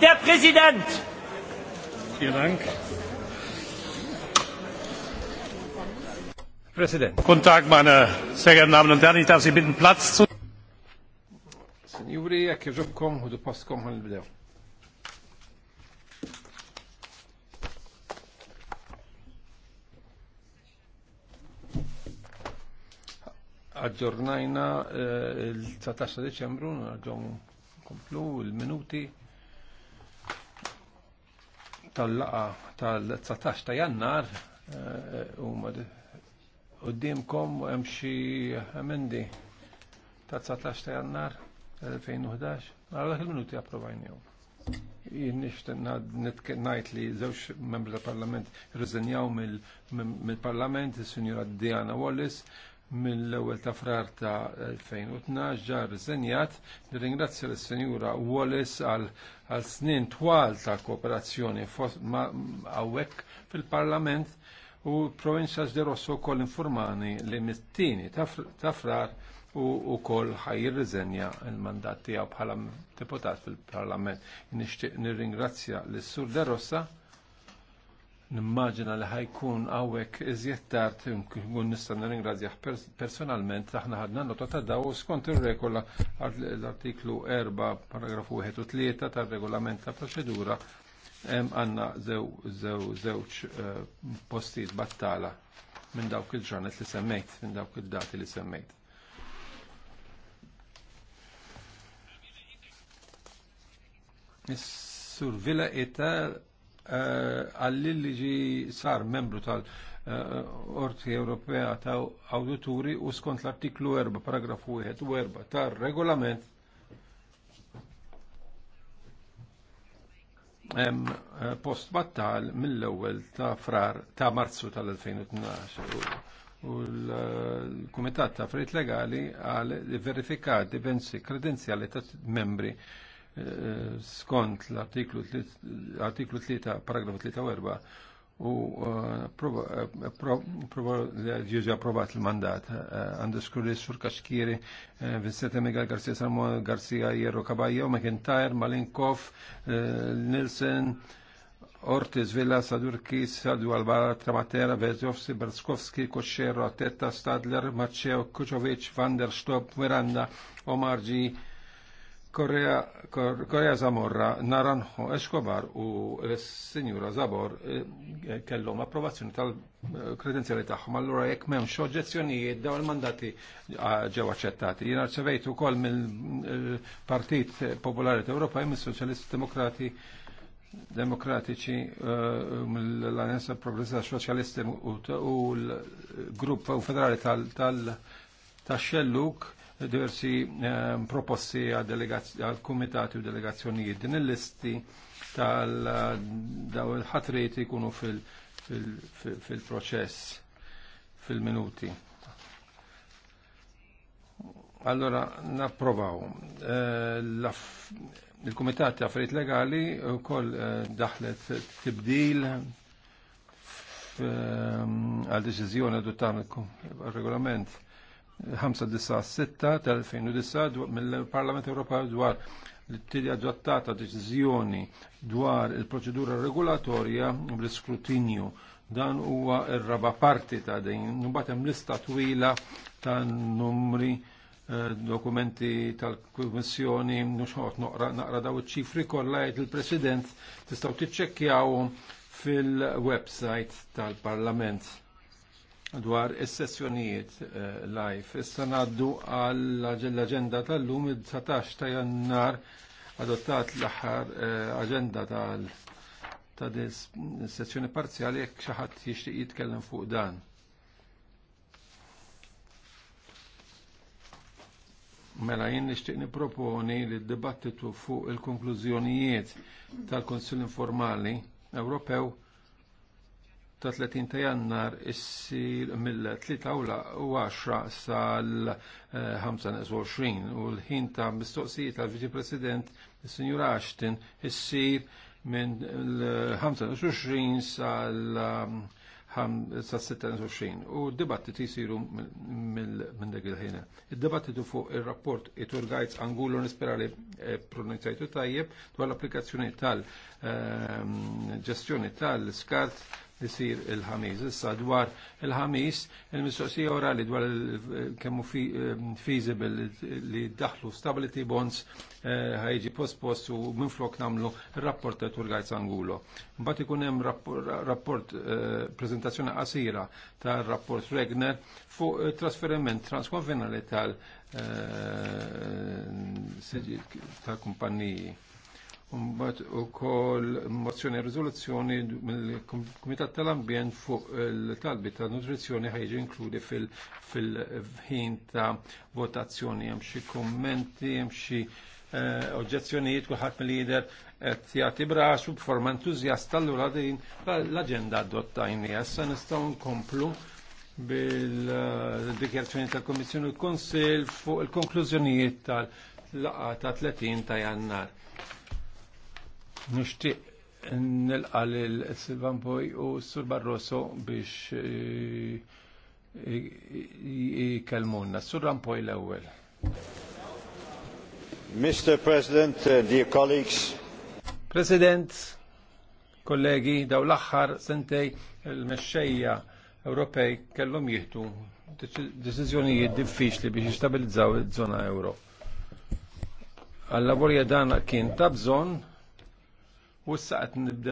der Präsident. Vielen Dank. Präsident. Guten Tag, meine sehr geehrten Damen und Herren. Ich darf Sie bitten, Platz zu. Signori, jekk irġobkom u postkom għal bdew. Aġġornajna eh, il-19 Deċembru, għadġom komplu il-minuti tal-laqa tal-19 ta' jannar eh, u huma dimkom u emxi emendi ta' 19 ta' jannar 2011. Għal dak il-minuti approvajnijom. Jien nixtieq ngħid li zewx membri tal-Parlament irriżenjaw mill-Parlament, il sinjura Diana Wallis, mill-ewwel ta' frar ta' 2012 ġar riżenjat nirringrazzja l senjura Wallis għal snin twal ta' kooperazzjoni hawnhekk fil-Parlament u provinċa ġderosso kol informani li mittini ta' frar u kol ħajir riżenja il-mandat tiegħu bħala deputat fil-Parlament. Nixtieq nirringrazzja l-Sur Derossa Nimmaġina li ħajkun għawek iżjed tard nkun nista' nirringrazzjah personalment aħna ħadna nota ta' daw skont ir-regola l-artiklu 4 paragrafu 1 u 3 tar-regolament ta' proċedura għandna żewġ eh, postijiet battala minn dawk il-ġranet li semmejt, minn dawk il-dati li semmejt. Is-survila Eh, għallil li ġi sar membru tal- eh, Orti Ewropea ta' Auditori u skont l-artiklu 4, paragrafu 1 u 4 tar regolament hemm eh, post battal mill-ewwel ta' frar ta' Marzu tal-2012 u l-Kumitat ta' Affarijiet Legali għal verifikat diversi kredenzjali ta' membri Eh, skont l-artiklu 3 paragrafu 3 u eh, provo eh, li ġiġi approvat il-mandat għandu sur kaxkiri Vincent Miguel Garcia Salmo Garcia Jero Caballo McIntyre Malinkov Nilsen Ortiz, Villa, Kis, Sadu, Alvara, Tramatera, Vezovsi, Berskovski, Koscero, Tetta, Stadler, Maceo, Kucovic, Van der Stop, Miranda, Omarji, Korea, Korea Zamorra, naranħu Eskobar u s Zabor eh, kellhom approvazzjoni tal-kredenzjali eh, tagħhom. Allura jekk m'hemmx oġġezzjonijiet daw il-mandati eh, ġew aċċettati. Jiena rċevejt ukoll mill-Partit Popolari Ewropej mis-Soċjalisti Demokrati demokratiċi mill-Alleanza Progressiva Soċjalisti u l-Grupp Federali tal-Xelluk diversi ehm, proposti għal kumitati u delegazzjonijiet. Din il-listi tal-daw eh, il-ħatriet ikunu fil-proċess, fil-minuti. Allora, napprovaw. Eh, Il-Kumitat ta' Affarijiet Legali wkoll eh, daħlet tibdil ehm, għal deċiżjoni adottan regolament 5 tal-2009 mill-Parlament Ewropew dwar li t-tiri adottata deċiżjoni dwar il-proċedura regolatorja bl-iskrutinju. Dan huwa r-raba parti ta' din. Mbagħad hemm lista twila ta' numri eh, dokumenti tal-Kummissjoni nuxħot naqra naqra daw iċ-ċifri kollha jgħid il-President tistgħu tiċċekkjawhom fil-website tal-Parlament dwar is-sessjonijiet eh, live. Issa ngħaddu għall-aġenda tal-lum id-19 ta' jannar adottat l-aħħar eh, aġenda tal ta' sessjoni parzjali jekk xi ħadd jixtieq jitkellem fuq dan. Mela jien nixtieq nipproponi li d-dibattitu fuq il-konklużjonijiet tal-Konsil Informali Ewropew ta' 30 ta' jannar issir mill-3 u 10 sal-25 eh, u l-ħin ta' mistoqsijiet tal viċi President il-Sinjur Ashton issir minn l-25 sal-26 u d-dibattit mm, jisiru minn dak il-ħina. Id-dibattitu fuq il-rapport Itur Gajz Angulu nisperali eh, pronunzajtu tajjeb dwar l-applikazzjoni tal-ġestjoni eh, mm, tal-skart li sir il-ħamis. Issa dwar il-ħamis, il-mistoqsija orali dwar kemmu feasible li daħlu stability bonds eh, ħajġi post-post u minflok namlu rapport ta' Turgajz Angulo. M'bat ikun hemm rapport eh, prezentazzjoni qasira tar rapport Regner fuq eh, trasferiment transkonvenali tal tal-kumpanniji. Mbagħad ukoll mozzjoni e riżoluzzjoni mill-Kumitat tal-Ambjent fuq il-talbi ta' nutrizzjoni ħajġi inkludi fil-ħin ta' votazzjoni hemm xi kummenti, hemm xi eh, oġġezzjonijiet kulħadd mill-lider qed jagħti u b'forma entużjasta allura din l-aġenda adottajni. Issa nistgħu nkomplu bil dikjazzjoni tal-Kommissjoni u l-Konsil fuq il-konklużjonijiet tal laqgħa ta' 30 ta' jannar. Nishtiq nilqa l-Silvan Boy u Sur Barroso biex eh, jikelmunna. Sur Rampoj l-ewel. Mr. President, uh, dear colleagues. President, kollegi, daw l-axħar sentej il-mexxejja Ewropej kellhom jieħdu deċiżjonijiet diffiċli biex jistabilizzaw iż-żona Ewro. Għall-lavorja dan kien ta' bżonn U s-saqet nibda